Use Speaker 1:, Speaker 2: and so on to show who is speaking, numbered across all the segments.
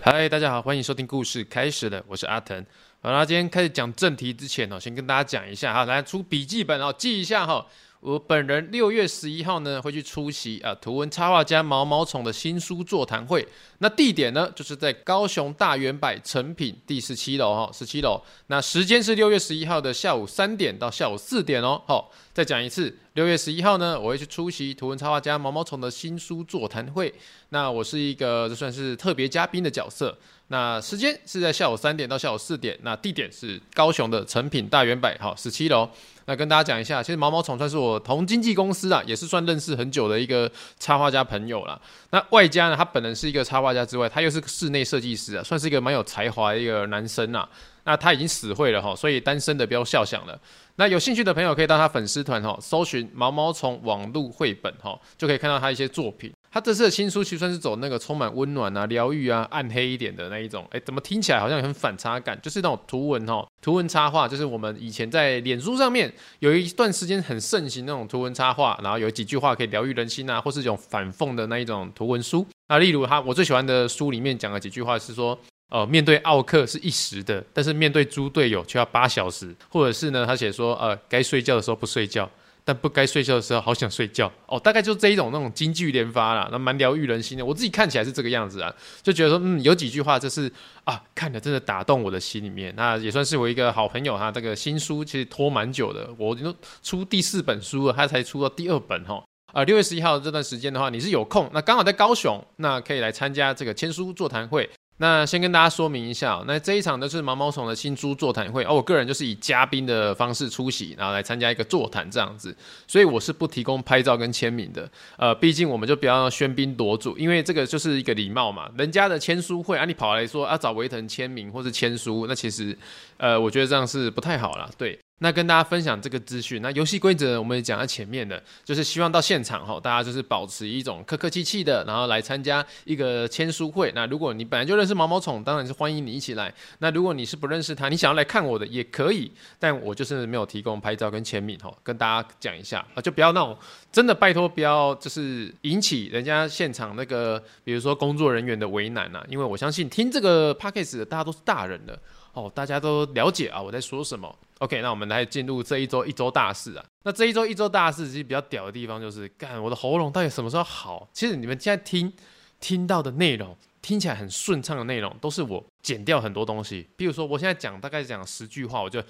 Speaker 1: 嗨，大家好，歡迎收聽故事開始了，我是阿騰。好啦，今天開始講正題之前呢，先跟大家講一下哈，來出筆記本哦，記一下哈。我本人六月十一號呢會去出席啊，圖文插畫家毛毛蟲的新書座談會。那地點呢就是在高雄大遠百誠品第十七樓哈，十七樓。那時間是六月十一號的下午三點到下午四點哦。好。再講一次，六月十一號呢，我會去出席圖文插畫家毛毛蟲的新書座談會。那我是一個算是特別嘉賓的角色。那時間是在下午三點到下午四點。那地點是高雄的誠品大遠百，哈十七樓。那跟大家講一下，其實毛毛蟲算是我同經紀公司啊，也是算認識很久的一個插畫家朋友了。那外加呢，他本人是一個插畫家之外，他又是個室內設計師啊，算是一個蠻有才華的一個男生啊。那他已經死會了哈，所以單身的不要肖想了。那有興趣的朋友可以到他粉絲團哈，搜尋毛毛蟲網路繪本哈、哦，就可以看到他一些作品。他這次的新書其實算是走那個充滿溫暖啊、療癒啊、暗黑一點的那一種、欸。怎麼聽起來好像很反差感？就是那種圖文哈、哦，圖文插畫，就是我們以前在臉書上面有一段時間很盛行那種圖文插畫，然後有幾句話可以療癒人心啊，或是這種反諷的那一種圖文書。那例如他我最喜歡的書裡面講了幾句話是說。哦、呃，面對奧客是一時的，但是面對豬隊友卻要八小時，或者是呢？他寫說：“呃，該睡覺的時候不睡覺，但不該睡覺的時候好想睡覺。”哦，大概就這一種那種金句連發啦。那蠻療癒人心的。我自己看起來是這個樣子啊，就覺得說，嗯，有幾句話就是啊，看了真的打動我的心裡面。那也算是我一個好朋友哈、啊，這個新書其實拖蠻久的，我都出第四本書了，他才出到第二本哈、哦。呃，六月十一號這段時間的話，你是有空？那剛好在高雄，那可以來參加這個簽書座談會。那先跟大家說明一下，那這一場呢是毛毛蟲的新書座談會，哦，我個人就是以嘉賓的方式出席，然後來參加一個座談這樣子，所以我是不提供拍照跟簽名的，呃，畢竟我們就不要喧賓奪主，因為這個就是一個禮貌嘛，人家的簽書會，啊，你跑來說要、啊、找維特簽名或是簽書，那其實。呃，我覺得這樣是不太好啦。對，那跟大家分享這個資訊。那遊戲規則我們講在前面的，就是希望到現場哈，大家就是保持一種客客氣氣的，然後來參加一個簽書會。那如果你本來就認識毛毛蟲，當然是歡迎你一起來。那如果你是不認識他，你想要來看我的也可以，但我就是沒有提供拍照跟簽名哈，跟大家講一下啊、呃，就不要那種真的拜托，不要就是引起人家現場那個，比如說工作人員的為難啊，因為我相信聽這個 podcast 的大家都是大人的。哦，大家都了解啊，哦，我在說什麼。OK，那我們來進入這一周一周大事啊。那這一周一周大事其實比較屌的地方就是，幹我的喉嚨到底什麼時候好？其實你們現在聽聽到的內容，聽起來很順暢的內容，都是我剪掉很多東西。比如說，我現在講大概講十句話，我就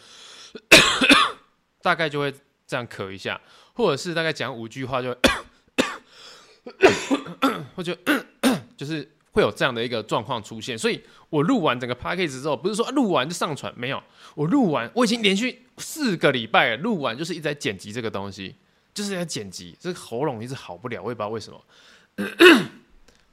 Speaker 1: 大概就會這樣咳一下，或者是大概講五句話就會， 我就 就是。會有這樣的一個狀況出現，所以我錄完整個 podcast 之後，不是說、啊、錄完就上傳，沒有，我錄完，我已經連續四個禮拜錄完，就是一直在剪輯這個東西，就是在剪輯，這喉嚨一直好不了，我也不知道為什麼。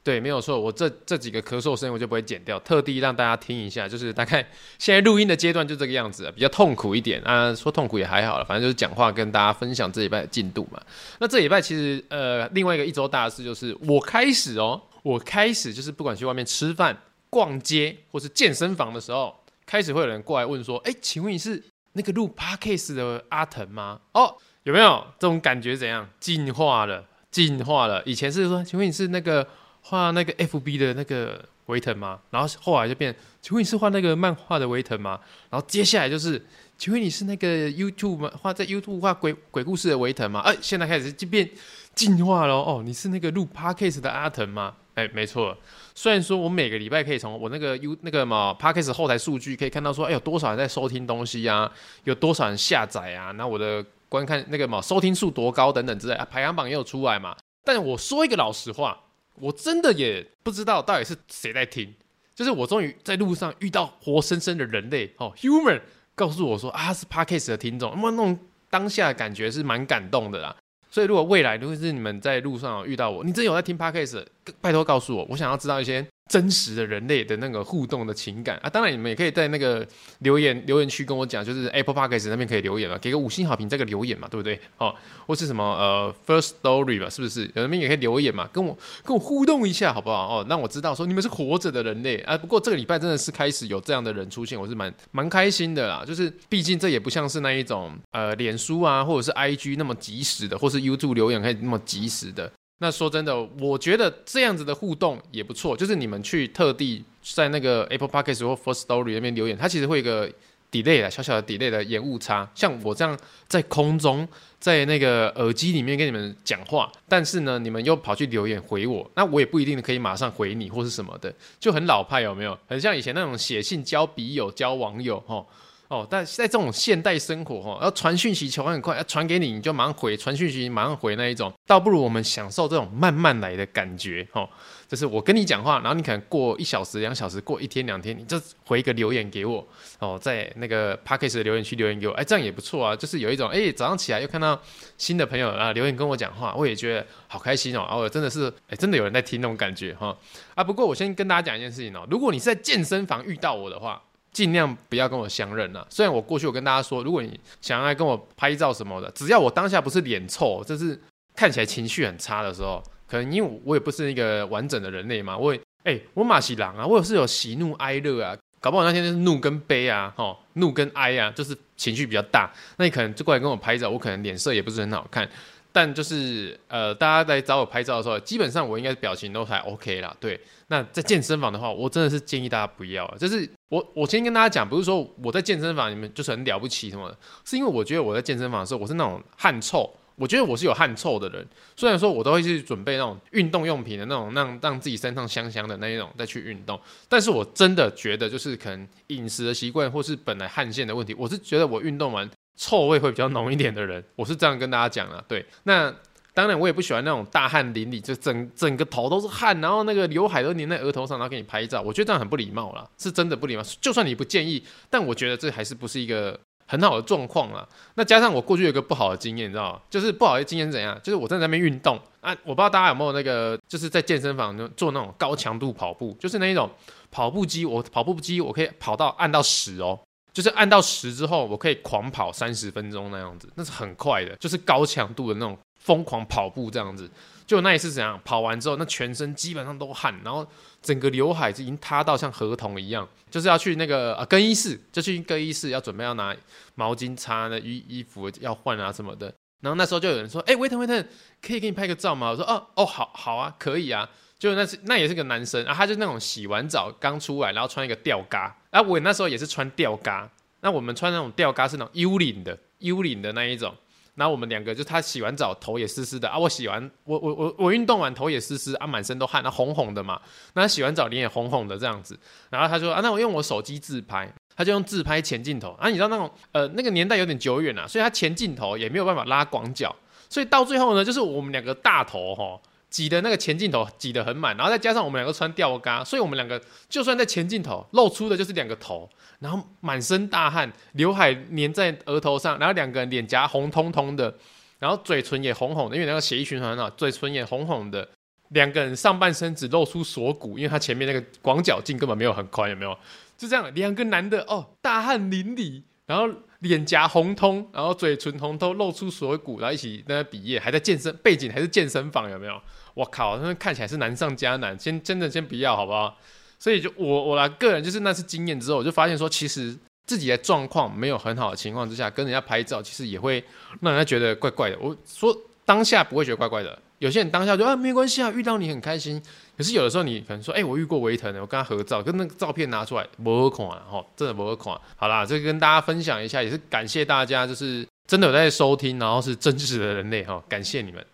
Speaker 1: 對，沒有錯，我這這幾個咳嗽聲我就不會剪掉，特地讓大家聽一下，就是大概現在錄音的階段就這個樣子，啊，比較痛苦一點啊，說痛苦也還好了，反正就是講話跟大家分享這禮拜的進度嘛。那這禮拜其實呃，另外一個一週大事就是我開始哦。我開始就是不管去外面吃飯、逛街或是健身房的時候，開始會有人過來問說：“哎、欸，請問你是那個錄 podcast 的阿騰嗎？”哦、oh,，有沒有這種感覺？怎樣進化了？進化了！以前是說：“請問你是那個畫那個 FB 的那個維騰嗎？”然後後來就變成：“請問你是畫那個漫畫的維騰嗎？”然後接下來就是。請問你是那個 YouTube 嗎？畫在 YouTube 畫鬼鬼故事的維騰嗎？哎、欸，現在開始即變進化囉。哦，你是那個錄 Podcast 的阿騰嗎？哎、欸，沒錯。雖然說我每個禮拜可以從我那個 U 那個嘛 Podcast 後台數據可以看到說，哎、欸、有多少人在收聽東西啊？有多少人下載啊？那我的觀看那個嘛收聽數多高等等之類啊，排行榜也有出來嘛。但我說一個老實話，我真的也不知道到底是誰在聽。就是我終於在路上遇到活生生的人類哦，Human。Humor, 告訴我說啊，是 Podcast 的聽眾，那麼那種當下的感覺是蠻感動的啦。所以如果未來如果是你們在路上遇到我，你真的有在聽 Podcast，拜托告訴我，我想要知道一些。真實的人類的那個互動的情感啊，當然你們也可以在那個留言留言區跟我講，就是 Apple Podcast 那邊可以留言了，給個五星好評，再個留言嘛，對不對？哦，或是什麼呃 First Story 吧，是不是？有人也可以留言嘛，跟我跟我互動一下，好不好？哦，讓我知道說你們是活着的人類啊。不過這個禮拜真的是開始有這樣的人出現，我是蠻蠻開心的啦。就是畢竟這也不像是那一種呃臉書啊，或者是 IG 那麼即時的，或是 YouTube 留言可以那麼即時的。那說真的，我覺得這樣子的互動也不錯。就是你們去特地在那個 Apple Podcast 或 Firstory 那邊留言，它其實會有一個 delay 啦，小小的 delay 的延誤差。像我這樣在空中，在那個耳機裡面跟你們講話，但是呢，你們又跑去留言回我，那我也不一定可以馬上回你或是什麼的，就很老派，有沒有？很像以前那種寫信交筆友、交網友齁，吼。哦，但在這種現代生活哦，要傳訊息求很快，要傳給你，你就馬上回，傳訊息馬上回那一種，倒不如我們享受這種慢慢來的感覺哦。就是我跟你講話，然後你可能過一小時、兩小時，過一天、兩天，你就回一個留言給我哦，在那個 podcast 的留言區留言給我，哎，這樣也不錯啊。就是有一種哎，早上起來又看到新的朋友啊留言跟我講話，我也覺得好開心哦。啊，我真的是哎，真的有人在聽那種感覺哈、哦。啊，不過我先跟大家講一件事情哦，如果你是在健身房遇到我的話。盡量不要跟我相認吶、啊。雖然我過去我跟大家說，如果你想要跟我拍照什麼的，只要我當下不是臉臭，就是看起來情緒很差的時候，可能因為我，我也不是一個完整的人類嘛，我也哎、欸，我嘛係郎啊，我也是有喜怒哀樂啊，搞不好我那天就是怒跟悲啊，吼，怒跟哀啊，就是情緒比較大，那你可能就過來跟我拍照，我可能臉色也不是很好看，但就是呃，大家來找我拍照的時候，基本上我應該是表情都還 OK 啦。對，那在健身房的話，我真的是建議大家不要，就是。我我先跟大家講，不是說我在健身房裡面就是很了不起什麼的，是因為我覺得我在健身房的時候，我是那種汗臭，我覺得我是有汗臭的人。雖然說我都會去準備那種運動用品的那種讓，讓讓自己身上香香的那一種再去運動，但是我真的覺得就是可能飲食的習慣或是本來汗腺的問題，我是覺得我運動完臭味會比較濃一點的人，我是這樣跟大家講了。對，那。當然，我也不喜歡那種大汗淋漓，就整整個頭都是汗，然後那個劉海都粘在額頭上，然後給你拍照。我覺得這樣很不禮貌了，是真的不禮貌。就算你不建議，但我覺得這還是不是一個很好的狀況啊。那加上我過去有個不好的經驗，你知道嗎？就是不好的經驗怎樣？就是我在那邊運動啊，我不知道大家有沒有那個，就是在健身房做那種高強度跑步，就是那一種跑步機。我跑步機我可以跑到按到十哦，就是按到十之後，我可以狂跑三十分鐘那樣子，那是很快的，就是高強度的那種。瘋狂跑步這樣子，就那一次怎樣跑完之後，那全身基本上都汗，然後整個劉海已經塌到像河童一樣，就是要去那個啊、呃、更衣室，就去更衣室要準備要拿毛巾擦那衣衣服要換啊什麼的。然後那時候就有人說：“哎、欸，威騰威騰，可以給你拍個照嗎？”我說：“哦哦，好，好啊，可以啊。”就那是那也是個男生啊，他就那種洗完澡剛出來，然後穿一個吊嘎。啊，我那時候也是穿吊嘎。那我們穿那種吊嘎是那種 U 領的 U 領的那一種。然後我們兩個就他洗完澡頭也濕濕的啊，我洗完我我我我運動完頭也濕濕啊，滿身都汗啊，紅紅的嘛。那他洗完澡臉也紅紅的這樣子，然後他說啊，那我用我手機自拍，他就用自拍前鏡頭啊，你知道那種呃，那個年代有點久遠了啊，所以他前鏡頭也沒有辦法拉廣角，所以到最後呢，就是我們兩個大頭吼擠的那個前鏡頭擠得很滿，然後再加上我們兩個穿吊嘎，所以我們兩個就算在前鏡頭，露出的就是兩個頭，然後滿身大汗，劉海粘在額頭上，然後兩個人臉頰紅彤彤的，然後嘴唇也紅紅的，因為那個血液循環很好，嘴唇也紅紅的。兩個人上半身只露出鎖骨，因為他前面那個廣角鏡根本沒有很寬，有沒有？就這樣，兩個男的哦，大汗淋漓，然後臉頰紅通，然後嘴唇紅透，露出鎖骨，然後一起在那比耶，還在健身，背景還是健身房，有沒有？我靠，那看起來是男上加男，先真的先不要，好不好？所以就我我啦，個人，就是那次經驗之後，我就發現說，其實自己的狀況沒有很好的情況之下，跟人家拍照，其實也會讓人家覺得怪怪的。我說當下不會覺得怪怪的，有些人當下就啊沒關係啊，遇到你很開心。可是有的時候你可能說，哎、欸，我遇過維騰的，我跟他合照，跟那個照片拿出來，不好看啊，哈，真的不好看啊。好啦，這個跟大家分享一下，也是感謝大家，就是真的有在收聽，然後是真實的人類哈，感謝你們。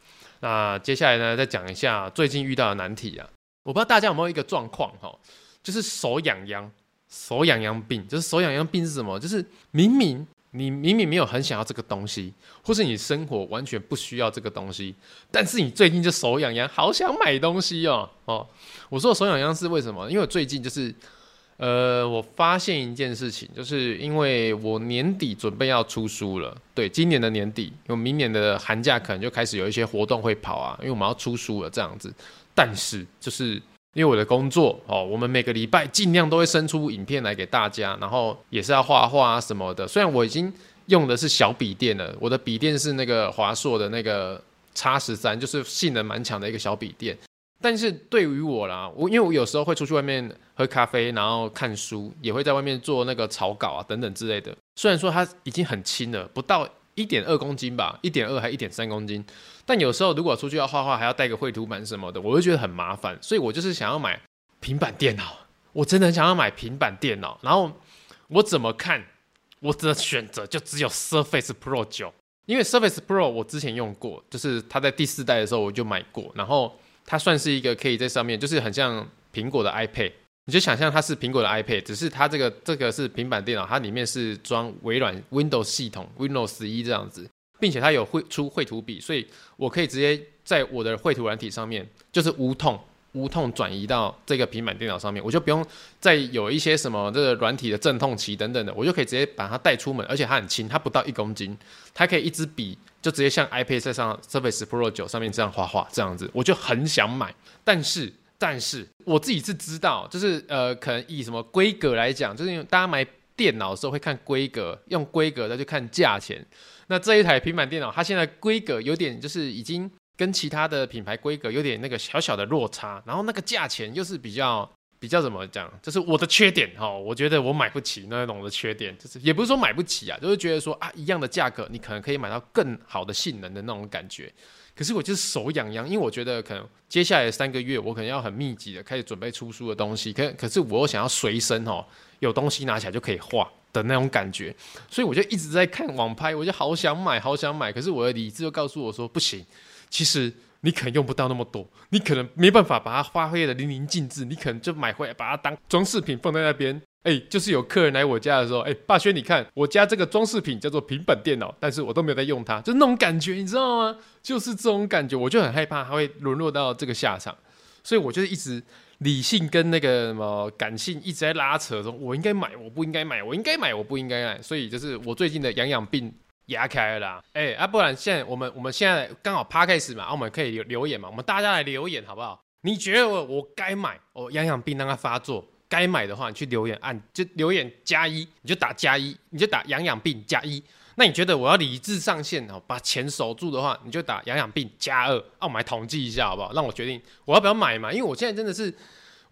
Speaker 1: 那接下來呢，再講一下最近遇到的難題啊！我不知道大家有沒有一個狀況，喔，就是手癢癢，手癢癢病。就是手癢癢病是什麼？就是明明你明明沒有很想要這個東西，或是你生活完全不需要這個東西，但是你最近就手癢癢，好想買東西哦哦！我說手癢癢是為什麼？因為最近就是。呃，我發現一件事情，就是因為我年底準備要出書了，對，今年的年底，有明年的寒假可能就開始有一些活動會跑啊，因為我們要出書了這樣子。但是，就是因為我的工作哦，我們每個禮拜盡量都會生出影片來給大家，然後也是要畫畫啊什麼的。雖然我已經用的是小筆電了，我的筆電是那個華碩的那個 X13，就是性能蠻強的一個小筆電。但是對於我啦，我因為我有時候會出去外面喝咖啡，然後看書，也會在外面做那個草稿啊等等之類的。雖然說它已經很輕了，不到一點二公斤吧，一點二還一點三公斤。但有時候如果出去要畫畫，還要帶個繪圖板什麼的，我就覺得很麻煩。所以我就是想要買平板電腦，我真的很想要買平板電腦。然後我怎麼看我的選擇就只有 Surface Pro 9，因為 Surface Pro 我之前用過，就是它在第四代的時候我就買過，然後。它算是一個可以在上面，就是很像蘋果的 iPad，你就想象它是蘋果的 iPad，只是它這個這個是平板電腦，它裡面是裝微軟 Windows 系統，Windows 十一這樣子，並且它有繪出繪圖筆，所以我可以直接在我的繪圖軟體上面，就是無痛無痛轉移到這個平板電腦上面，我就不用再有一些什麼這個軟體的陣痛期等等的，我就可以直接把它帶出門，而且它很輕，它不到一公斤，它可以一支筆。就直接像 iPad 上、Surface Pro 9上面這樣畫畫，這樣子，我就很想買。但是，但是我自己是知道，就是呃，可能以什麼規格來講，就是因為大家買電腦的時候會看規格，用規格再去看價錢。那這一台平板電腦，它現在規格有點，就是已經跟其他的品牌規格有點那個小小的落差，然後那個價錢又是比較。比較怎麼講，就是我的缺點哈。我覺得我買不起那種的缺點，就是也不是說買不起啊，就是覺得說啊，一樣的價格，你可能可以買到更好的性能的那種感覺。可是我就是手癢癢，因為我覺得可能接下來三個月我可能要很密集的開始準備出書的東西，可是可是我又想要隨身哈，有東西拿起來就可以畫的那種感覺，所以我就一直在看網拍，我就好想買，好想買。可是我的理智就告訴我說不行。其實。你可能用不到那麼多，你可能沒辦法把它發揮得淋漓盡致，你可能就買回來把它當裝飾品放在那邊。哎、欸，就是有客人來我家的時候，哎、欸，霸軒，你看我家這個裝飾品叫做平板電腦，但是我都沒有在用它，就那種感覺，你知道嗎？就是這種感覺，我就很害怕它會淪落到這個下場，所以我就一直理性跟那個什麼感性一直在拉扯中，我應該買，我不應該買，我應該買，我不應該買，所以就是我最近的癢癢病。也開了啦，哎、欸，啊，不然現在我們我們現在剛好 Podcast 嘛，啊、我們可以留留言嘛，我們大家來留言好不好？你覺得我我該買，我養養病讓它發作，該買的話你去留言按、啊、就留言加一，你就打加一，你就打養養病加一。那你覺得我要理智上線哦，把錢守住的話，你就打養養病加二，啊，我們來統計一下好不好？讓我決定我要不要買嘛，因為我現在真的是。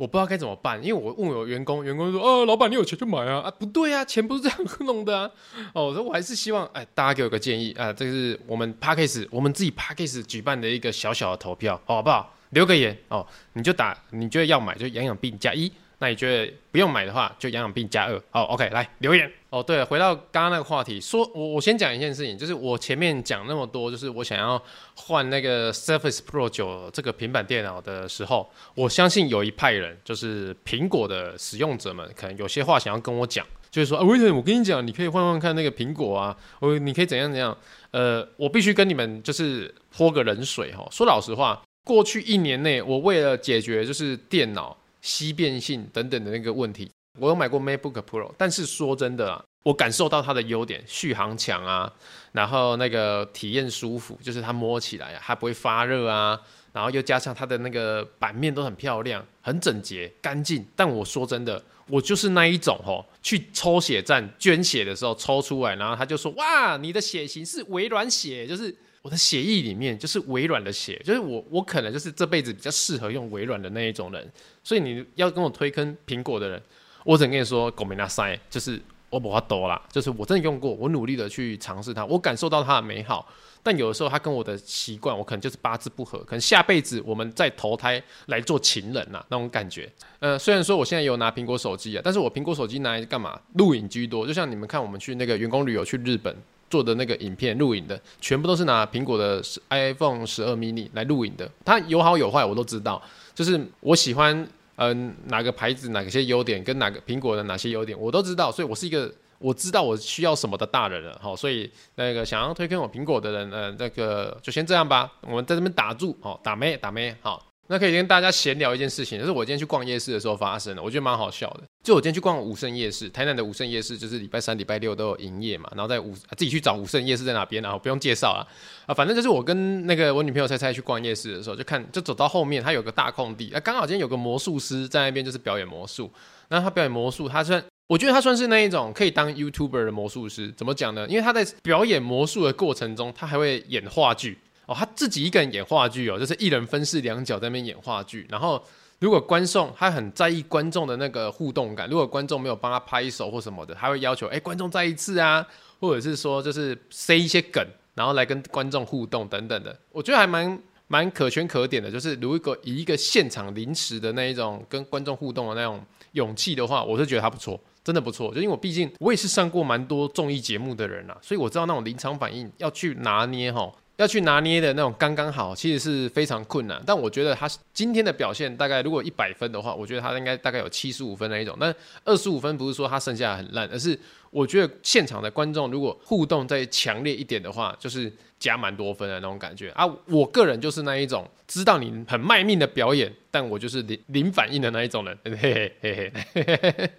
Speaker 1: 我不知道該怎麼辦，因為我問我員工，員工說：“哦，老闆，你有錢就買啊！”啊，不對啊，錢不是這樣弄的啊！哦，我說我還是希望，哎，大家給我個建議啊、呃！這是我們 Podcast 我們自己 Podcast 舉辦的一個小小的投票，哦、好不好？留個言哦，你就打，你覺得要買就養養病加一，那你覺得不用買的話就養養病加二。好、哦，OK，來留言。哦，對，回到剛剛那個話題，說，我我先講一件事情，就是我前面講那麼多，就是我想要換那個 Surface Pro 九這個平板電腦的時候，我相信有一派人，就是蘋果的使用者們，可能有些話想要跟我講，就是說，威、呃、騰，我跟你講，你可以換換看那個蘋果啊，我你可以怎樣怎樣，呃，我必須跟你們就是潑個冷水哈、哦，說老實話，過去一年內，我為了解決就是電腦稀變性等等的那個問題。我有買過 MacBook Pro，但是說真的啊，我感受到它的優點，續航強啊，然後那個體驗舒服，就是它摸起來還、啊、不會發熱啊，然後又加上它的那個版面都很漂亮、很整潔、乾淨。但我說真的，我就是那一種吼、喔，去抽血站捐血的時候抽出來，然後他就說哇，你的血型是微軟血，就是我的血液裡面就是微軟的血，就是我我可能就是這輩子比較適合用微軟的那一種人，所以你要跟我推坑蘋果的人。我只能跟你說，狗沒那塞，就是我不怕多啦，就是我真的用過，我努力的去嘗試它，我感受到它的美好。但有的時候，它跟我的習慣，我可能就是八字不合，可能下輩子我們再投胎來做情人呐，那種感覺。嗯、呃，雖然說我現在有拿蘋果手機啊，但是我蘋果手機拿來幹嘛？錄影居多。就像你們看，我們去那個員工旅遊去日本做的那個影片錄影的，全部都是拿蘋果的 iPhone 十二 mini 來錄影的。它有好有壞，我都知道。就是我喜歡。嗯、呃，哪個牌子，哪些優點，跟哪個蘋果的哪些優點，我都知道，所以我是一個我知道我需要什麼的大人了，好，所以那個想要推薦我蘋果的人，呃，那個就先這樣吧，我們在這邊打住，好，打咩打咩，好。那可以跟大家閒聊一件事情，就是我今天去逛夜市的時候發生的，我覺得蠻好笑的。就我今天去逛武聖夜市，台南的武聖夜市就是禮拜三、禮拜六都有營業嘛。然後在武自己去找武聖夜市在哪邊，啊，然後不用介紹了啊，啊，反正就是我跟那個我女朋友猜猜去逛夜市的時候，就看就走到後面，他有個大空地，那、啊、剛好今天有個魔術師在那邊就是表演魔術。那他表演魔術，他算我覺得他算是那一種可以當 YouTuber 的魔術師。怎麼講呢？因為他在表演魔術的過程中，他還會演話劇。哦，他自己一個人演話劇哦，就是一人分飾兩角在那邊演話劇。然後，如果觀眾，他很在意觀眾的那個互動感。如果觀眾沒有幫他拍手或什麼的，他會要求哎，觀眾再一次啊，或者是說就是塞一些梗，然後來跟觀眾互動等等的。我覺得還蠻蠻可圈可點的，就是如果以一個現場臨時的那一種跟觀眾互動的那種勇氣的話，我是覺得他不錯，真的不錯。就因為我畢竟我也是上過蠻多綜藝節目的人啦，啊，所以我知道那種臨場反應要去拿捏哦要去拿捏的那種剛剛好，其實是非常困難。但我覺得他今天的表現，大概如果一百分的話，我覺得他應該大概有七十五分那一種。但二十五分不是說他剩下的很爛，而是我覺得現場的觀眾如果互動再強烈一點的話，就是加蠻多分的那種感覺啊。我個人就是那一種知道你很賣命的表演，但我就是零零反應的那一種人。嘿嘿嘿嘿嘿，嘿嘿嘿。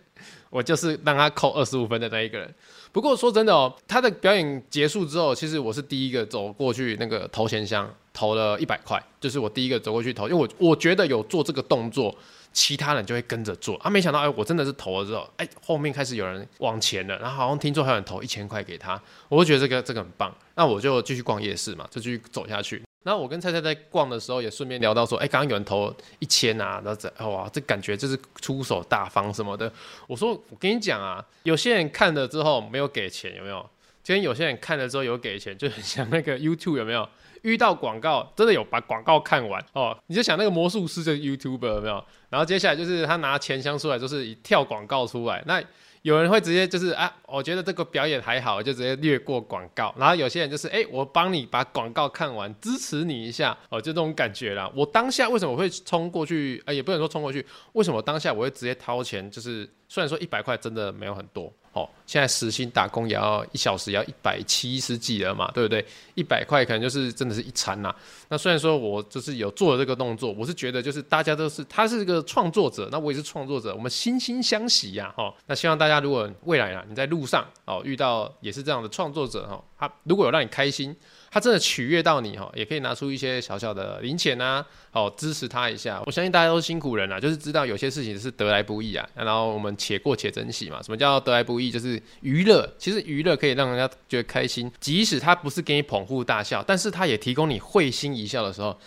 Speaker 1: 我就是讓他扣二十五分的那一個人。不過說真的哦，他的表演結束之後，其實我是第一個走過去那個投錢箱投了一百塊，就是我第一個走過去投，因為我我覺得有做這個動作，其他人就會跟着做啊。他沒想到哎，我真的是投了之後，哎，後面開始有人往前了，然後好像聽說還有人投一千塊給他，我就覺得這個這個很棒，那我就繼續逛夜市嘛，就繼續走下去。然後我跟蔡蔡在逛的時候，也順便聊到說，哎，剛剛有人投一千啊，那這哇，這感覺就是出手大方什麼的。我說，我跟你講啊，有些人看了之後沒有給錢，有沒有？今天有些人看了之後有給錢，就很像那個 YouTube 有沒有？遇到廣告真的有把廣告看完哦，你就想那個魔術師的 YouTuber 有沒有？然後接下來就是他拿錢箱出來，就是一跳廣告出來，那。有人會直接就是啊，我覺得這個表演還好，就直接略過廣告。然後有些人就是欸，我幫你把廣告看完，支持你一下，哦，就這種感覺啦。我當下為什麼會衝過去？啊，也不能說衝過去，為什麼我當下我會直接掏錢？就是。雖然說一百塊真的沒有很多哦，現在時薪打工也要一小時也要一百七十幾了嘛，對不對？一百塊可能就是真的是一餐吶、啊。那雖然說我就是有做了這個動作，我是覺得就是大家都是他是一個創作者，那我也是創作者，我們惺惺相惜呀、啊、哈、哦。那希望大家如果未來啊你在路上哦遇到也是這樣的創作者哈、哦，他如果有讓你開心。他真的取悅到你哈、喔，也可以拿出一些小小的零錢啊，哦、喔，支持他一下。我相信大家都是辛苦人了、啊,就是知道有些事情是得來不易啊，啊然後我們且過且珍惜嘛。什麼叫得來不易？就是娛樂，其實娛樂可以讓人家覺得開心，即使他不是給你捧腹大笑，但是他也提供你會心一笑的時候，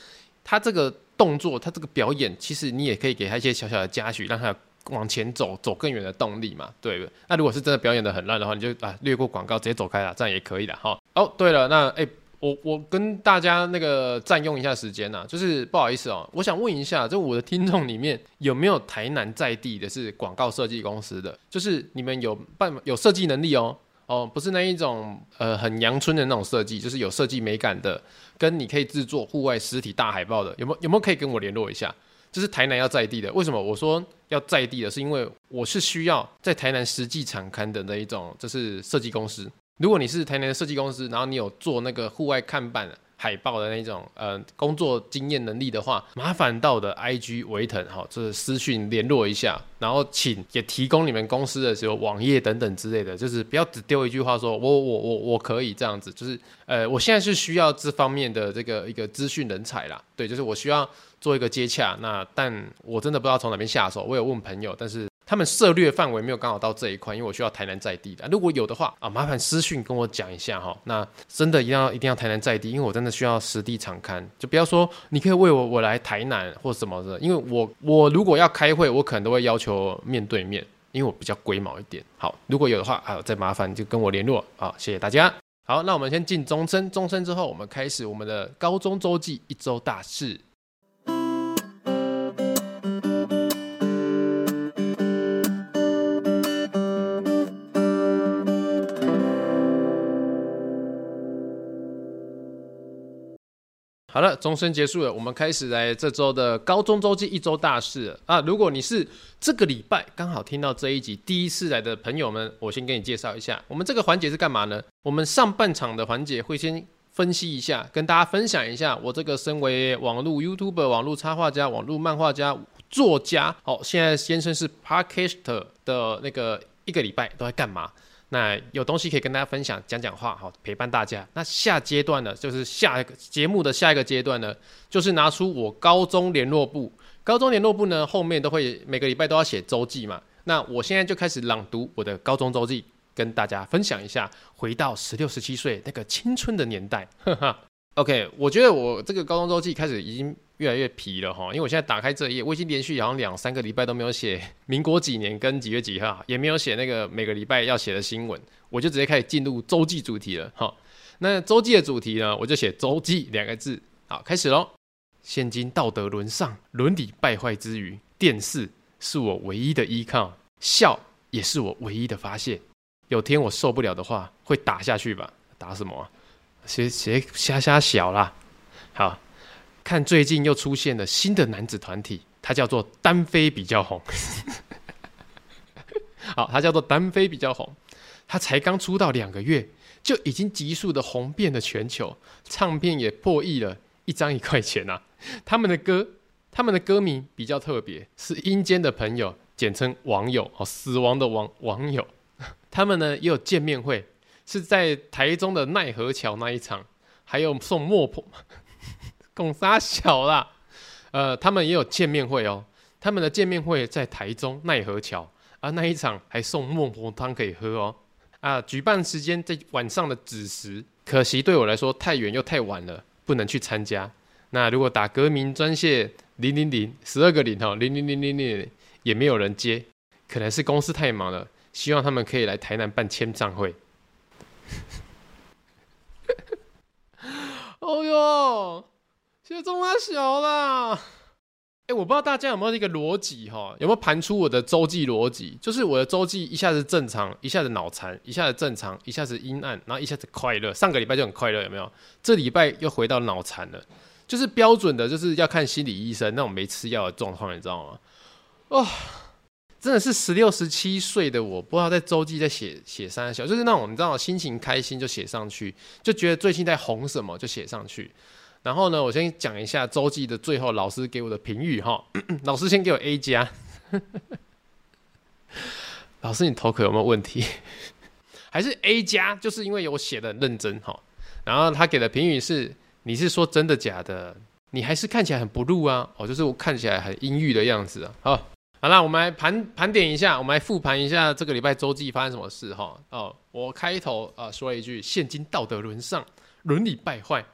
Speaker 1: 他這個動作，他這個表演，其實你也可以給他一些小小的嘉許，讓他往前走，走更遠的動力嘛。對，那如果是真的表演得很爛的話，你就啊略過廣告直接走開了，這樣也可以的哈。哦，oh, 對了，那哎。欸我我跟大家那個占用一下時間吶、啊，就是不好意思哦，我想問一下，就我的聽眾裡面有沒有台南在地的，是廣告設計公司的，就是你們有辦有設計能力哦，哦，不是那一種呃很陽春的那種設計，就是有設計美感的，跟你可以制作戶外實體大海報的，有沒有，有沒有可以跟我聯絡一下？就是台南要在地的，為什麼我說要在地的？是因為我是需要在台南實際上刊的那一種，就是設計公司。如果你是台南的設計公司，然後你有做那個戶外看板、海報的那種呃工作經驗能力的話，麻煩到我的 IG 維騰哈，就是私訊聯絡一下，然後請也提供你們公司的時候網頁等等之類的，就是不要只丟一句話說“我我我我可以這樣子”，就是呃我現在是需要這方面的這個一個資訊人才啦，對，就是我需要做一個接洽，那但我真的不知道從哪邊下手，我有問朋友，但是。他們涉獵範圍沒有剛好到這一塊，因為我需要台南在地的。如果有的話啊，麻煩私訊跟我講一下哈、喔。那真的一定要一定要台南在地，因為我真的需要實地場勘。就不要說你可以為我我來台南或什麼的，因為我我如果要開會，我可能都會要求面對面，因為我比較龜毛一點。好，如果有的話啊，再麻煩就跟我聯絡好，謝謝大家。好，那我們先進中身。中身之後我們開始我們的高中週記一周大事。好了，鐘聲結束了，我們開始來這周的高中周記一周大事了啊！如果你是這個禮拜剛好聽到這一集第一次來的朋友們，我先給你介紹一下，我們這個環節是幹嘛呢？我們上半場的環節會先分析一下，跟大家分享一下我這個身為網絡 YouTuber、網絡插畫家、網絡漫畫家、作家，好、哦，現在先生是 Podcaster 的那個一個禮拜都在幹嘛？那有東西可以跟大家分享，講講話好，陪伴大家。那下階段呢，就是下一個節目的下一個階段呢，就是拿出我高中聯絡簿，高中聯絡簿呢後面都會每個禮拜都要寫週記嘛。那我現在就開始朗讀我的高中週記，跟大家分享一下，回到十六十七歲那個青春的年代。 OK，我覺得我這個高中週記開始已經。越來越皮了哈，因為我現在打開這頁，我已經連續好像兩三個禮拜都沒有寫民國幾年跟幾月幾號，也沒有寫那個每個禮拜要寫的新聞，我就直接開始進入週記主題了哈。那週記的主題呢，我就寫週記兩個字，好，開始嘍。現今道德淪喪、倫理敗壞之餘，電視是我唯一的依靠，笑也是我唯一的發洩。有天我受不了的話，會打下去吧？打什麼啊？寫寫瞎瞎小啦，好。看，最近又出現了新的男子團體，他叫做單飛比較紅。 好，他叫做單飛比較紅，他才剛出道兩個月，就已經急速的紅遍了全球，唱片也破億了，一張一塊錢啊，他們的歌，他們的歌名比較特別，是陰間的朋友，簡稱網友哦，死亡的網網友。他們呢也有見面會，是在台中的奈何橋那一場，還有送孟共三小啦，呃，他們也有見面會哦、喔。他們的見面會在台中奈何橋，啊、呃，那一場還送孟婆湯可以喝哦、喔。啊、呃，舉辦時間在晚上的子時，可惜對我來說太遠又太晚了，不能去參加。那如果打歌迷專線零零零十二個零哦零零零零零也沒有人接，可能是公司太忙了。希望他們可以來台南辦簽葬會。哦喲。就這麼小啦。哎，我不知道大家有沒有一個邏輯哈，有沒有盤出我的周記邏輯？就是我的周記一下子正常，一下子腦殘，一下子正常，一下子陰暗，然後一下子快樂。上個禮拜就很快樂，有沒有？這禮拜又回到腦殘了，就是標準的，就是要看心理醫生那種沒吃藥的狀況，你知道嗎？啊，真的是十六十七歲的我，不知道在周記在寫寫三小，就是那種你知道我心情開心就寫上去，就覺得最近在紅什麼就寫上去。然後呢，我先講一下周記的最後老師給我的評語哈、哦嗯。老師先給我 A 加， 老師你頭殼有沒有問題？還是 A 加？就是因為我寫的認真哈、哦。然後他給的評語是：你是說真的假的？你還是看起來很不入啊？哦，就是我看起來很陰鬱的樣子啊。好，好啦，我們來盤盤點一下，我們來復盤一下這個禮拜周記發生什麼事哈。哦，我開頭啊、呃、說了一句：現今道德淪喪，倫理敗壞。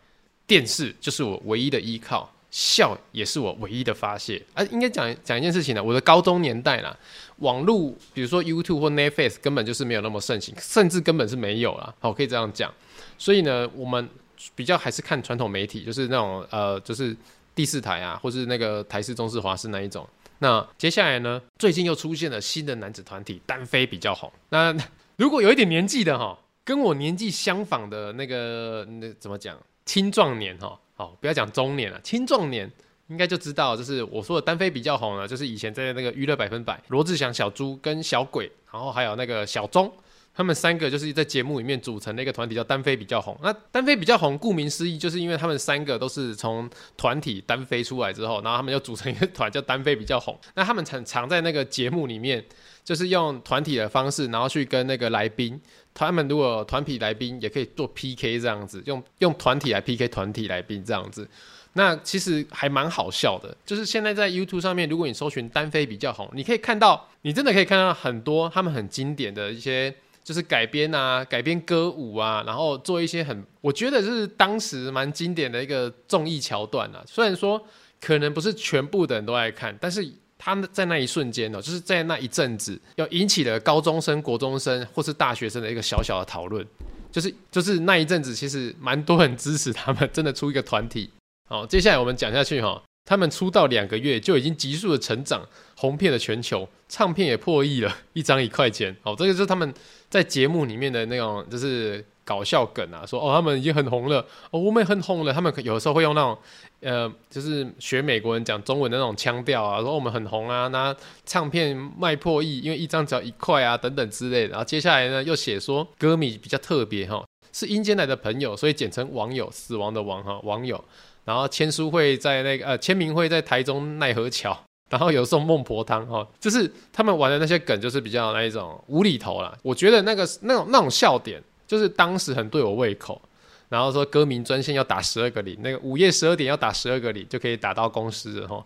Speaker 1: 電視就是我唯一的依靠，笑也是我唯一的發洩。啊，應該講講一件事情呢，我的高中年代啦，網路比如說 YouTube 或 Netflix 根本就是沒有那麼盛行，甚至根本是沒有啦。好，可以這樣講。所以呢，我們比較還是看傳統媒體，就是那種呃，就是第四台啊，或是那個台視、中視、華視那一種。那接下來呢，最近又出現了新的男子團體，單飛比較紅。那如果有一點年紀的哈，跟我年紀相仿的那個，那怎麼講？青壯年，哈，哦，不要講中年了，青壯年應該就知道，就是我說的單飛比較紅了，就是以前在那個娛樂百分百，羅志祥、小豬跟小鬼，然後還有那個小鍾，他們三個就是在節目裡面組成的一個團體叫單飛比較紅。那單飛比較紅，顧名思義，就是因為他們三個都是從團體單飛出來之後，然後他們就組成一個團叫單飛比較紅。那他們常常在那個節目裡面，就是用團體的方式，然後去跟那個來賓。他們如果團體來賓也可以做 PK 這樣子，用用團體來 PK 團體來賓這樣子。那其實還蠻好笑的。就是現在在 YouTube 上面，如果你搜尋單飛比較紅，你可以看到，你真的可以看到很多他們很經典的一些，就是改編啊、改編歌舞啊，然後做一些很我覺得就是當時蠻經典的一個綜藝橋段啊。雖然說可能不是全部的人都愛看，但是。他們在那一瞬間哦，就是在那一陣子，要引起了高中生、國中生或是大學生的一個小小的討論，就是就是那一陣子，其實蠻多人支持他們，真的出一個團體。好，接下來我們講下去哈、喔，他們出道兩個月就已經急速的成長，紅遍了全球，唱片也破億了，一張一塊錢。哦，這個就是他們在節目裡面的那種，就是。搞笑梗啊，說哦，他們已經很紅了，哦，我們也很紅了。他們有時候會用那種，呃，就是學美國人講中文的那種腔調啊，說、哦、我們很紅啊，那唱片賣破億，因為一張只要一塊啊，等等之類的。然後接下來呢，又寫說歌迷比較特別哈、哦，是陰間來的朋友，所以簡稱網友死亡的亡哈、哦、網友。然後簽書會在那個呃簽名會在台中奈何橋，然後有送孟婆湯哈、哦，就是他們玩的那些梗就是比較那一種無厘頭啦，我覺得那個那種那種笑點。就是當時很對我胃口，然後說歌迷專線要打十二個零，那個午夜十二點要打十二個零就可以打到公司的吼。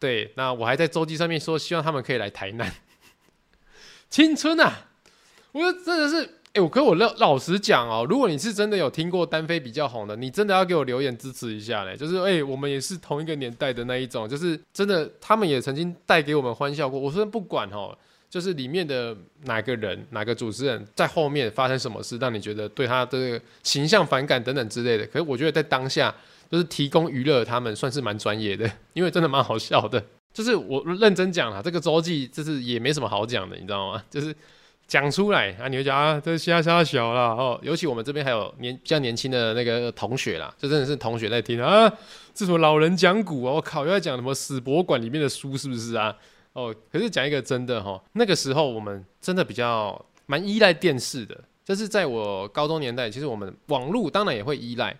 Speaker 1: 對，那我還在周記上面說希望他們可以來台南。 青春吶、啊，我說真的是，哎、欸，我跟我老老實講哦、喔，如果你是真的有聽過單飛比較紅的，你真的要給我留言支持一下咧。就是哎、欸，我們也是同一個年代的那一種，就是真的他們也曾經帶給我們歡笑過。我說不管吼、喔。就是裡面的哪個人、哪個主持人在後面發生什麼事，讓你覺得對他的這個形象反感等等之類的。可是我覺得在當下，就是提供娛樂，他們算是蠻專業的，因為真的蠻好笑的。就是我認真講啦，這個周記就是也沒什麼好講的，你知道嗎？就是講出來啊，你會覺得啊，這是瞎瞎小啦。哦。尤其我們這邊還有年比較年輕的那個同學啦，就真的是同學在聽啊，這什麼老人講古啊？我靠，又在講什麼史博物館裡面的書是不是啊？哦，可是講一個真的哈，那個時候我們真的比較蠻依賴電視的，就是在我高中年代，其實我們網絡當然也會依賴，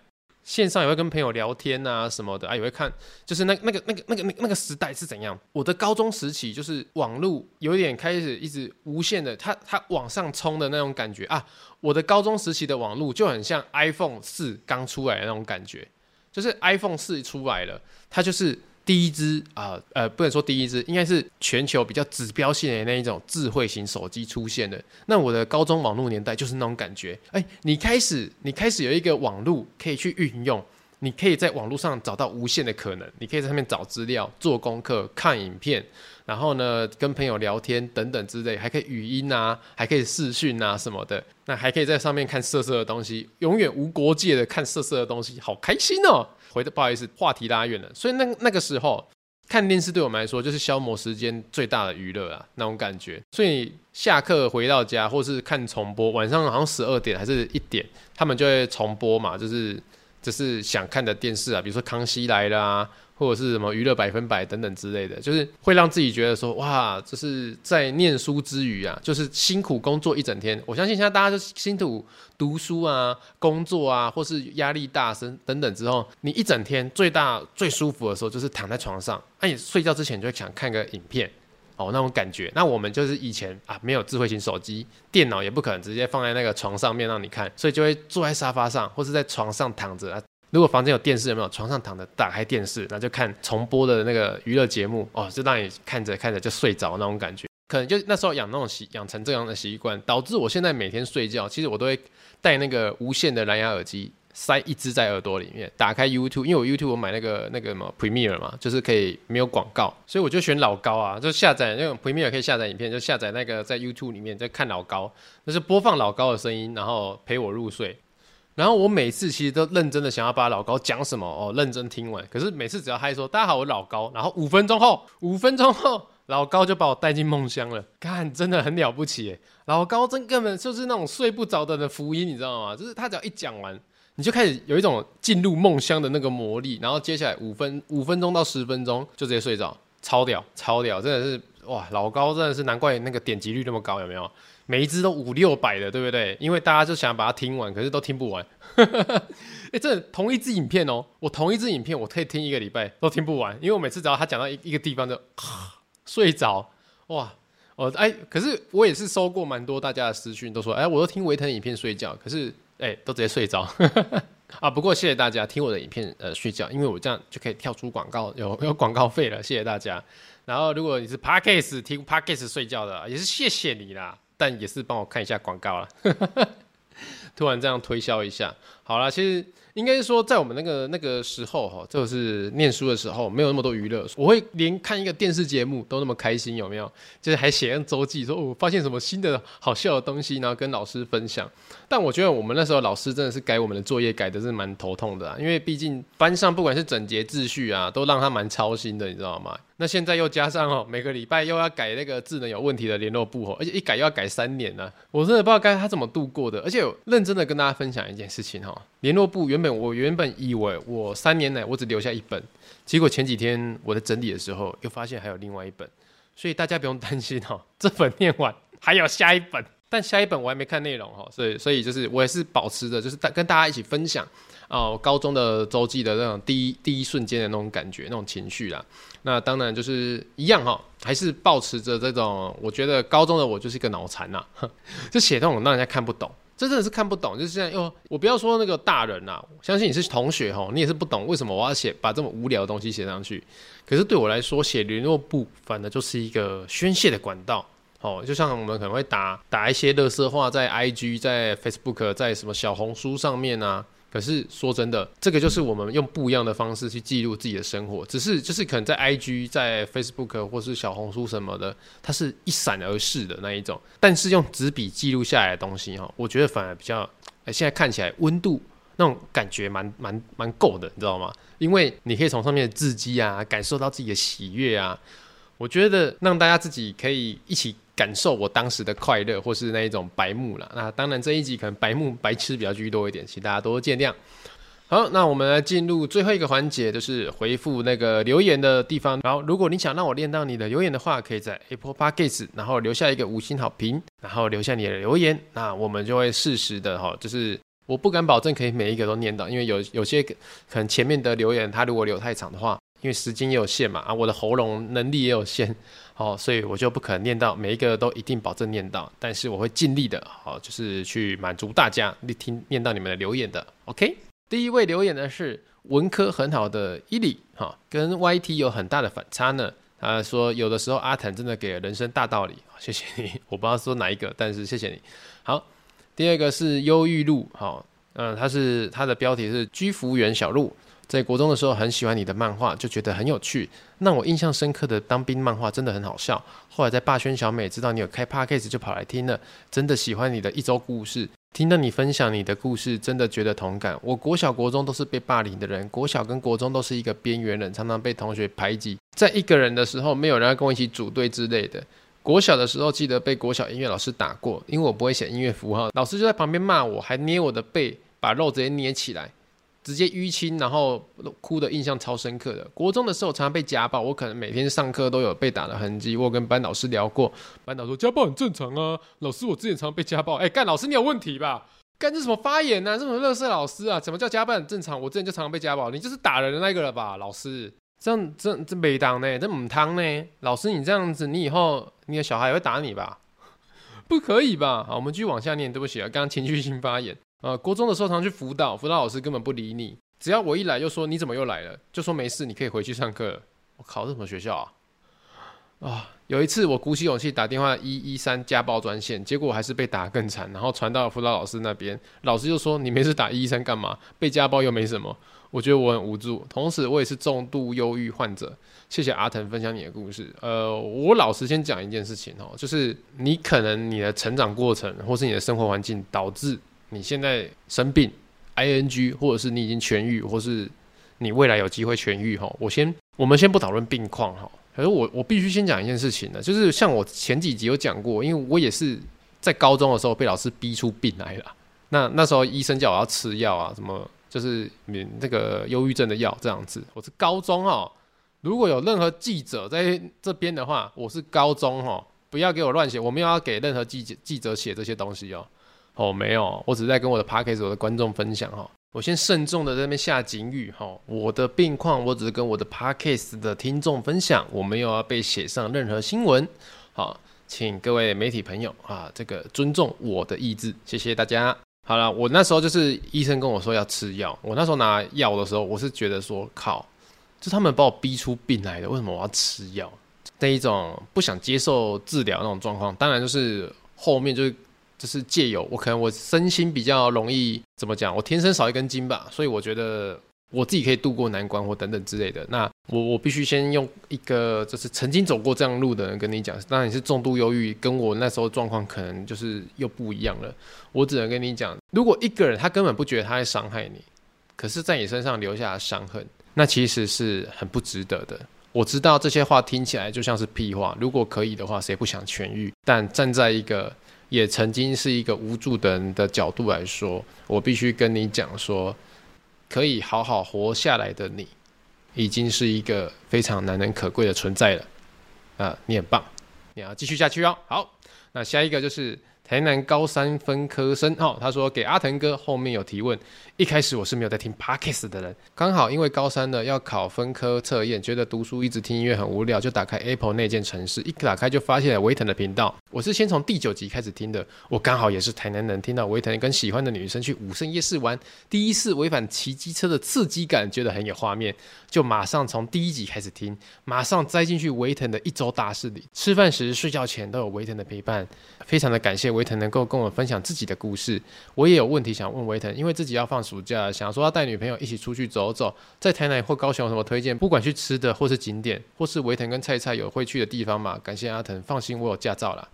Speaker 1: 線上也會跟朋友聊天啊什麼的啊，也會看，就是那個、那個那個那個那那個時代是怎樣。我的高中時期就是網絡有點開始一直無限的，它它往上衝的那種感覺啊。我的高中時期的網絡就很像 iPhone 四剛出來的那種感覺，就是 iPhone 四出來了，它就是。第一支啊、呃，呃，不能說第一支，應該是全球比較指標性的那一種智慧型手機出現的。那我的高中網絡年代就是那種感覺，哎，你開始，你開始有一個網絡可以去運用，你可以在網絡上找到無限的可能，你可以在上面找資料、做功課、看影片，然後呢，跟朋友聊天等等之類，還可以語音啊，還可以視訊啊什麼的，那還可以在上面看色色的東西，永遠無國界的看色色的東西，好開心哦。回的不好意思，話題拉遠了。所以那個、那個時候看電視對我們來說就是消磨時間最大的娛樂啊，那種感覺。所以下課回到家或是看重播，晚上好像十二點還是一點，他們就會重播嘛，就是就是想看的電視啊，比如說《康熙來了》啊。或者是什麼娛樂百分百等等之類的，就是會讓自己覺得說哇，就是在念書之餘啊，就是辛苦工作一整天。我相信現在大家就辛苦讀書啊、工作啊，或是壓力大、生等等之後，你一整天最大最舒服的時候就是躺在床上。那、啊、你睡覺之前就會想看個影片哦，那種感覺。那我們就是以前啊，沒有智慧型手機，電腦也不可能直接放在那個床上面讓你看，所以就會坐在沙發上或是在床上躺着啊。如果房間有電視，有沒有床上躺着打開電視，然後就看重播的那個娛樂節目哦，就讓你看着看着就睡着那種感覺。可能就那時候養那種習，養成這樣的習慣，導致我現在每天睡覺，其實我都會帶那個無線的藍牙耳機，塞一支在耳朵裡面，打開 YouTube，因為我 YouTube 我買那個那個什麼 Premiere 嘛，就是可以沒有廣告，所以我就選老高啊，就下載那種 Premiere 可以下載影片，就下載那個在 YouTube 裡面再看老高，那、就是播放老高的聲音，然後陪我入睡。然後我每次其實都認真的想要把老高講什麼哦，認真聽完，可是每次只要嗨，說大家好，我老高，然後五分鐘後，五分鐘後老高就把我帶進夢鄉了，看真的很了不起耶，老高真根本就是那種睡不着的的福音，你知道嗎？就是他只要一講完，你就開始有一種進入夢鄉的那個魔力，然後接下來五分五分鐘到十分鐘就直接睡着，超屌、超屌，超屌，真的是哇，老高真的是難怪那個點擊率那麼高，有沒有？每一支都五六百的，對不對？因為大家就想把它聽完，可是都聽不完。哎、 欸，這同一支影片哦，我同一支影片，我可以聽一個禮拜都聽不完，因為我每次只要他講到一一個地方就，就睡着。哇，我、哦、哎、欸，可是我也是收過蠻多大家的私訊，都說哎、欸，我都聽維騰的影片睡覺，可是哎、欸，都直接睡着 啊。不過謝謝大家聽我的影片呃睡覺，因為我這樣就可以跳出廣告有有廣告費了，謝謝大家。然後如果你是 Podcast 聽 Podcast 睡覺的，也是謝謝你啦。但也是幫我看一下廣告了， 突然這樣推銷一下，好啦，其實應該是說，在我們那個那個時候哈，就是念書的時候，沒有那麼多娛樂，我會連看一個電視節目都那麼開心，有沒有？就是還寫上週記說，說哦，發現什麼新的好笑的東西，然後跟老師分享。但我覺得我們那時候老師真的是改我們的作業改的是蠻頭痛的啊，因為畢竟班上不管是整潔秩序啊，都讓他蠻操心的，你知道嗎？那現在又加上哦、喔，每個禮拜又要改那個智能有問題的聯絡簿哦，而且一改又要改三年呢、啊，我真的不知道該他怎麼度過的。而且有認真的跟大家分享一件事情哈，聯絡簿原本我原本以為我三年內我只留下一本，結果前幾天我在整理的時候又發現還有另外一本，所以大家不用擔心哈、喔，這本念完還有下一本，但下一本我還沒看內容哈、喔，所以所以就是我也是保持着就是大跟大家一起分享。哦，高中的週記的那種第一第一瞬間的那種感覺、那種情緒啦，那當然就是一樣哈，還是保持着這種。我覺得高中的我就是一個腦殘吶，這寫這種讓人家看不懂，這真的是看不懂。就是這樣，喲，我不要說那個大人啦，相信你是同學哈，你也是不懂為什麼我要寫把這麼無聊的東西寫上去。可是對我來說，寫聯絡簿反而就是一個宣泄的管道。哦，就像我們可能會打打一些垃圾話在 IG、在 Facebook、在什麼小紅書上面啊。可是說真的，這個就是我們用不一樣的方式去記錄自己的生活。只是就是可能在 IG、在 Facebook 或是小紅書什麼的，它是一閃而逝的那一種。但是用紙筆記錄下來的東西，哈，我覺得反而比較，現在看起來溫度那種感覺蠻蠻蠻夠的，你知道嗎？因為你可以從上面的字跡啊，感受到自己的喜悅啊。我覺得讓大家自己可以一起感受我當時的快樂，或是那一種白目啦。那當然這一集可能白目白痴比較居多一點，請大家多多見諒。好，那我們來進入最後一個環節，就是回復那個留言的地方。好，如果你想讓我念到你的留言的話，可以在 Apple Podcast，然後留下一個五星好評，然後留下你的留言，那我們就會適時的齁，就是我不敢保證可以每一個都念到，因為有有些可能前面的留言，它如果留太長的話。因為時間也有限嘛，啊，我的喉嚨能力也有限，哦、所以我就不可能念到每一個都一定保證念到，但是我會盡力的，好、哦，就是去滿足大家聽念到你們的留言的，OK。第一位留言的是文科很好的伊理，哈、哦，跟 YT 有很大的反差呢，他說有的時候阿騰真的給人生大道理、哦，謝謝你，我不知道說哪一個，但是謝謝你。好，第二個是憂鬱路，哈、哦，嗯，他是他的標題是居服員小路。在國中的時候，很喜歡你的漫畫，就覺得很有趣。讓我印象深刻的當兵漫畫真的很好笑。後來在霸宣小美知道你有開 Podcast，就跑來聽了。真的喜歡你的一周故事，聽到你分享你的故事，真的覺得同感。我國小國中都是被霸凌的人，國小跟國中都是一個邊緣人，常常被同學排擠。在一個人的時候，沒有人要跟我一起組隊之類的。國小的時候記得被國小音樂老師打過，因為我不會寫音樂符號，老師就在旁邊罵我，還捏我的背，把肉直接捏起來。直接淤青，然後哭的印象超深刻的。國中的時候，常常被家暴，我可能每天上課都有被打的痕跡。我有跟班老師聊過，班導說家暴很正常啊。老師，我之前常常被家暴，哎、欸，幹老師你有問題吧？幹這什麼發言呢、啊？這種垃圾老師啊，怎麼叫家暴很正常？我之前就常常被家暴，你就是打人的那個了吧，老師？這樣這這母湯呢，這母湯呢？老師你這樣子，你以後你的小孩也會打你吧？不可以吧？好，我們繼續往下念，對不起啊，剛剛情緒性發言。呃，國中的時候常去輔導，輔導老師根本不理你。只要我一來，就說你怎麼又來了，就說沒事，你可以回去上課。我靠，這什麼學校啊？啊、呃，有一次我鼓起勇氣打電話一一三家暴專線，結果還是被打得更慘，然後傳到輔導老師那邊，老師就說你沒事打一一三幹嘛？被家暴又沒什麼。我覺得我很無助，同時我也是重度憂鬱患者。謝謝阿騰分享你的故事。呃，我老實先講一件事情哦，就是你可能你的成長過程，或是你的生活環境，導致。你現在生病，ing，或者是你已經痊癒，或是你未來有機會痊癒，哈，我先，我們先不討論病況，哈，可是我我必須先講一件事情呢，就是像我前幾集有講過，因為我也是在高中的時候被老師逼出病來了，那那時候醫生叫我要吃藥啊，什麼就是免那個憂鬱症的藥這樣子，我是高中哈、哦，如果有任何記者在這邊的話，我是高中哈、哦，不要給我亂寫，我沒有要給任何記者記者寫這些東西哦。哦，沒有，我只是在跟我的 podcast 我的觀眾分享哈、哦。我先慎重的在那邊下警語哈、哦，我的病況我只是跟我的 podcast 的聽眾分享，我沒有要被寫上任何新聞。好、哦，請各位媒體朋友啊，這個尊重我的意志，謝謝大家。好了，我那時候就是醫生跟我說要吃藥，我那時候拿藥的時候，我是覺得說靠，就他們把我逼出病來的，為什麼我要吃藥？那一種不想接受治療那種狀況，當然就是後面就是。就是借由我，可能我身心比較容易，怎麼講？我天生少一根筋吧，所以我覺得我自己可以度過難關或等等之類的。那我我必須先用一個就是曾經走過這樣路的人跟你講，當然你是重度憂鬱，跟我那時候狀況可能就是又不一樣了。我只能跟你講，如果一個人他根本不覺得他在傷害你，可是在你身上留下的傷痕，那其實是很不值得的。我知道這些話聽起來就像是屁話，如果可以的話，誰不想痊癒？但站在一個。也曾經是一個無助的人的角度來說，我必須跟你講說，可以好好活下來的你，已經是一個非常難能可貴的存在了。啊、呃，你很棒，你要繼續下去哦。好，那下一個就是台南高三分科生哦，他說給阿騰哥，後面有提問。一開始我是沒有在聽 Podcast 的人，剛好因為高三了，要考分科測驗，覺得讀書一直聽音樂很無聊，就打開 Apple 那件程式，一打開就發現了維騰的頻道。我是先從第九集開始聽的，我剛好也是台南人，聽到維騰跟喜歡的女生去武聖夜市玩，第一次違反騎機車的刺激感，覺得很有畫面，就馬上從第一集開始聽，馬上栽進去維騰的一周大事裡。吃飯時、睡覺前都有維騰的陪伴，非常的感謝維騰能夠跟我分享自己的故事。我也有問題想問維騰，因為自己要放。暑假想說要帶女朋友一起出去走走，在台南或高雄有什麼推薦？不管去吃的或是景點，或是維騰跟菜菜有會去的地方嘛？感謝阿騰，放心我有駕照啦。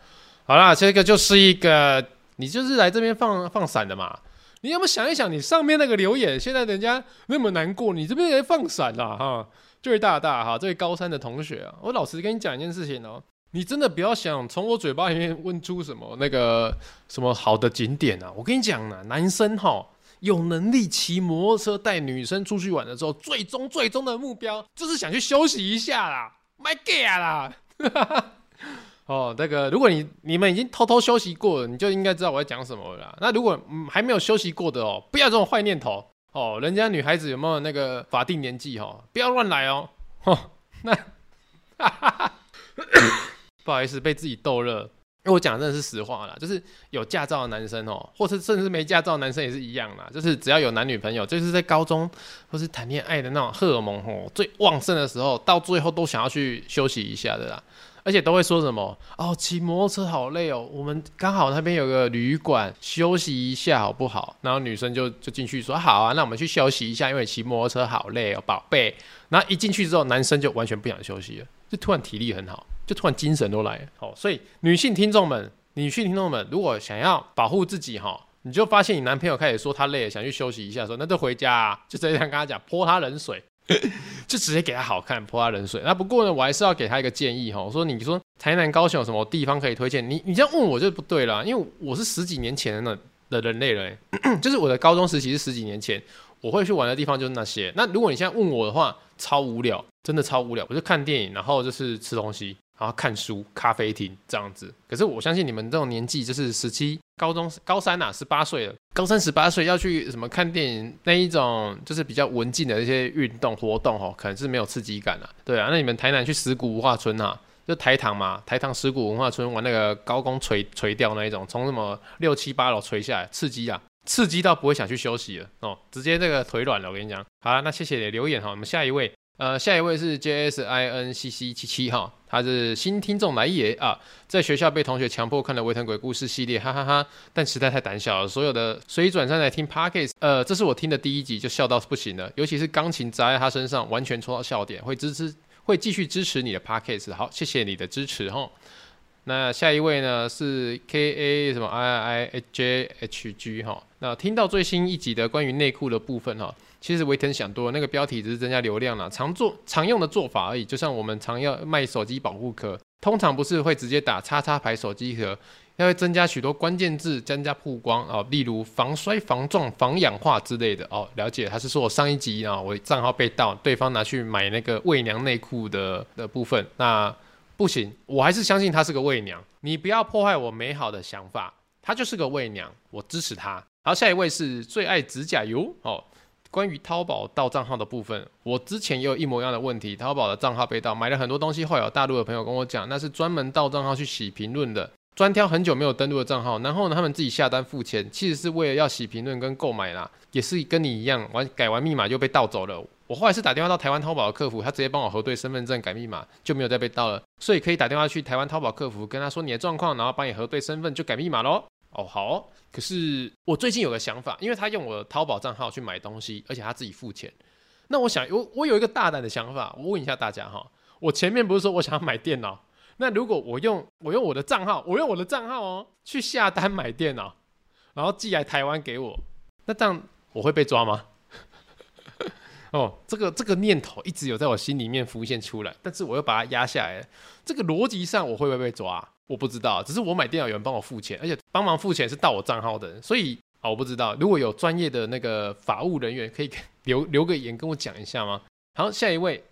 Speaker 1: 好啦，這個就是一個，你就是來這邊放放閃的嘛？你要不要想一想，你上面那個留言，現在人家那麼難過，你這邊來放閃了哈？這位大大哈，這位高三的同學啊，我老實跟你講一件事情哦、喔，你真的不要想從我嘴巴裡面問出什麼那個什麼好的景點啊！我跟你講啊，男生哈。有能力騎摩托車帶女生出去玩的時候，最終最終的目標就是想去休息一下啦，My God 啦！ 哦，那、這、哥、個，如果你你們已經偷偷休息過了，你就應該知道我在講什麼啦。那如果、嗯、還沒有休息過的哦，不要這種壞念頭哦。人家女孩子有沒有那個法定年紀哦，不要亂來哦。哦，那 不好意思，被自己逗樂。因為我講真的是實話啦，就是有駕照的男生哦，或是甚至沒駕照的男生也是一樣啦，就是只要有男女朋友，就是在高中或是談戀愛的那種荷爾蒙哦，最旺盛的時候，到最後都想要去休息一下的啦，而且都會說什麼哦，騎摩托車好累喔，我們剛好那邊有個旅館休息一下好不好？然後女生就就進去說啊好啊，那我們去休息一下，因為騎摩托車好累喔，寶貝。然後一進去之後，男生就完全不想休息了，就突然體力很好。就突然精神都來哦，所以女性聽眾們，女性聽眾們，如果想要保護自己哈、哦，你就發現你男朋友開始說他累了，想去休息一下說，那就回家、啊，就這樣跟他講，潑他冷水， 就直接給他好看，潑他冷水。那不過呢，我還是要給他一個建議哈，我、哦、說你說台南高雄有什麼地方可以推薦？你你這樣問我就不對了，因為我是十幾年前的人的人類了，就是我的高中時期是十幾年前，我會去玩的地方就是那些。那如果你現在問我的話，超無聊，真的超無聊，我就看電影，然後就是吃東西。然後看書、咖啡廳這樣子，可是我相信你們這種年紀就是十七、高中高三吶、啊，十八歲了，高三十八歲要去什麼看電影那一種，就是比較文靜的那些運動活動哦，可能是沒有刺激感啦、啊。對啊，那你們台南去十鼓文化村啊，就台糖嘛，台糖十鼓文化村玩那個高空垂垂吊那一種，從什麼六七八樓垂下來，刺激啊，刺激到不會想去休息了哦，直接這個腿軟了，我跟你講。好了，那謝謝你留言哈、哦，我們下一位。呃，下一位是 J S I N C C 七七哈，他是新聽眾來也啊，在學校被同學強迫看了《微疼鬼故事》系列，哈哈哈，哈，但實在太膽小了，所有的，所以轉身來聽 Podcast，呃，這是我聽的第一集就笑到不行了，尤其是鋼琴砸在他身上，完全戳到笑點，會支持，會繼續支持你的 Podcast，好，謝謝你的支持哈、哦。那下一位呢是 K A 什麼 I I H J H G 哈、哦，那聽到最新一集的關於內褲的部分哈。哦其實維騰想多了，那個標題只是增加流量啦，常做常用的做法而已。就像我們常要賣手機保護殼，通常不是會直接打叉叉牌手機殼，要增加許多關鍵字，增加曝光哦，例如防摔、防撞、防氧化之類的哦。了解，他是說我上一集啊、哦，我賬號被盜，對方拿去買那個偽娘內褲的的部分，那不行，我還是相信她是個偽娘，你不要破壞我美好的想法，她就是個偽娘，我支持她。好，下一位是最愛指甲油哦。關於淘寶盜賬號的部分，我之前也有一模一樣的問題，淘寶的賬號被盜，買了很多東西。後來有大陸的朋友跟我講，那是專門盜賬號去洗評論的，專挑很久沒有登錄的賬號，然後呢，他們自己下單付錢，其實是為了要洗評論跟購買啦，也是跟你一樣，完改完密碼就被盜走了。我後來是打電話到台灣淘寶的客服，他直接幫我核對身份證改密碼，就沒有再被盜了。所以可以打電話去台灣淘寶客服，跟他說你的狀況，然後幫你核對身份就改密碼嘍。哦，好哦。可是我最近有個想法，因為他用我的淘寶賬號去買東西，而且他自己付錢。那我想，我我有一個大膽的想法，我問一下大家哈，哦。我前面不是說我想要買電腦？那如果我用我用我的賬號，我用我的賬號哦，去下單買電腦，然後寄來台灣給我，那這樣我會被抓嗎？ 哦，這個這個念頭一直有在我心裡面浮現出來，但是我又把它壓下來。這個邏輯上，我會不會被抓啊？我不知道，只是我買電腦有人幫我付錢，而且幫忙付錢是到我賬號的，所以啊、哦、我不知道，如果有專業的那個法務人員可以留留個言跟我講一下嗎？好，下一位，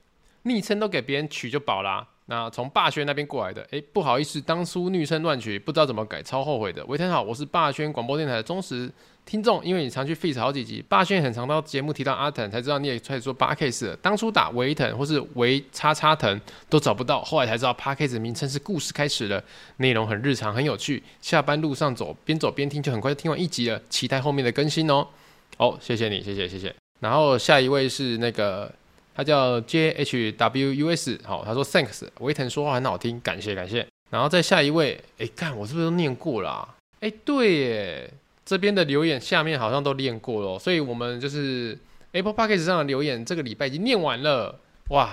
Speaker 1: 昵稱都給別人取就飽啦、啊，那從霸軒那邊過來的，哎、欸，不好意思，當初昵稱亂取，不知道怎麼改，超後悔的。偉天好，我是霸軒廣播電台的忠實聽眾，因為你常去 f 費事好幾集，霸現很常到節目提到阿騰才知道你也開始做八 case 了，當初打維騰或是維叉叉騰都找不到，後來才知道八 case 的名稱是故事開始了，內容很日常很有趣。下班路上走，邊走邊聽，就很快就聽完一集了，期待後面的更新哦。好、oh，謝謝你，謝謝謝謝。然後下一位是那個，他叫 JH WUS，好，他說 thanks，維騰說話很好聽，感謝感謝。然後再下一位，哎，幹，我是不是都念過了、啊？哎，對耶。這邊的留言下面好像都練過了，喔，所以我們就是 Apple Podcast 上的留言，這個禮拜已經念完了。哇，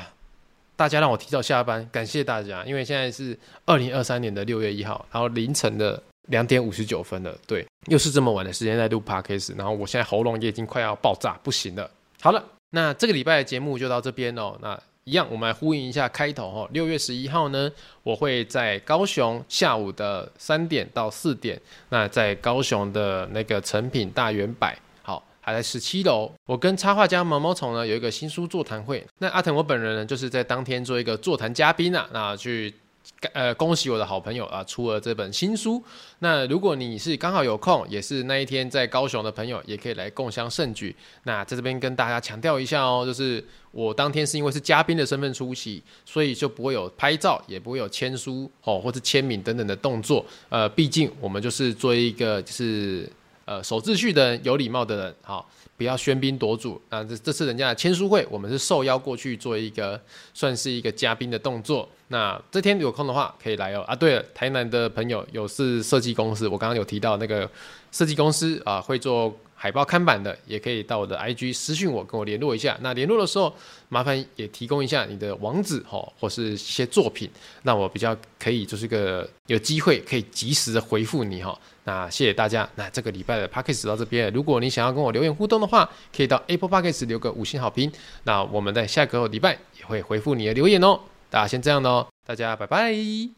Speaker 1: 大家讓我提早下班，感謝大家。因為現在是二零二三年的六月一號，然後凌晨的兩點五十九分了。對，又是這麼晚的時間在錄 Podcast，然後我現在喉嚨也已經快要爆炸，不行了。好了，那這個禮拜的節目就到這邊哦。那一樣，我們來呼應一下開頭哈。六月十一號呢，我會在高雄下午的三點到四點，那在高雄的那個誠品大遠百，好，還在十七樓。我跟插畫家毛毛蟲呢有一個新書座談會。那阿騰我本人呢就是在當天做一個座談嘉賓啊，那去。呃，恭喜我的好朋友啊，呃，出了這本新書。那如果你是剛好有空，也是那一天在高雄的朋友，也可以來共襄盛舉。那在這邊跟大家強調一下哦，就是我當天是因為是嘉賓的身份出席，所以就不會有拍照，也不會有簽書哦，或者簽名等等的動作。呃，畢竟我們就是做一個就是呃守秩序的人，有禮貌的人，好。不要喧賓奪主啊！這這次人家的簽書會，我們是受邀過去做一個，算是一個嘉賓的動作。那這天有空的話，可以來哦啊！對了，台南的朋友有是設計公司，我剛剛有提到那個設計公司啊，會做。海報看板的，也可以到我的 IG 私信我，跟我聯絡一下。那聯絡的時候，麻煩也提供一下你的網址吼，或是一些作品，那我比較可以，就是一個有機會可以及時的回復你哈。那謝謝大家，那這個禮拜的 Podcast 到這邊。如果你想要跟我留言互動的話，可以到 Apple Podcast 留個五星好評。那我們在下個禮拜也會回復你的留言哦、喔。大家先這樣哦、喔，大家拜拜。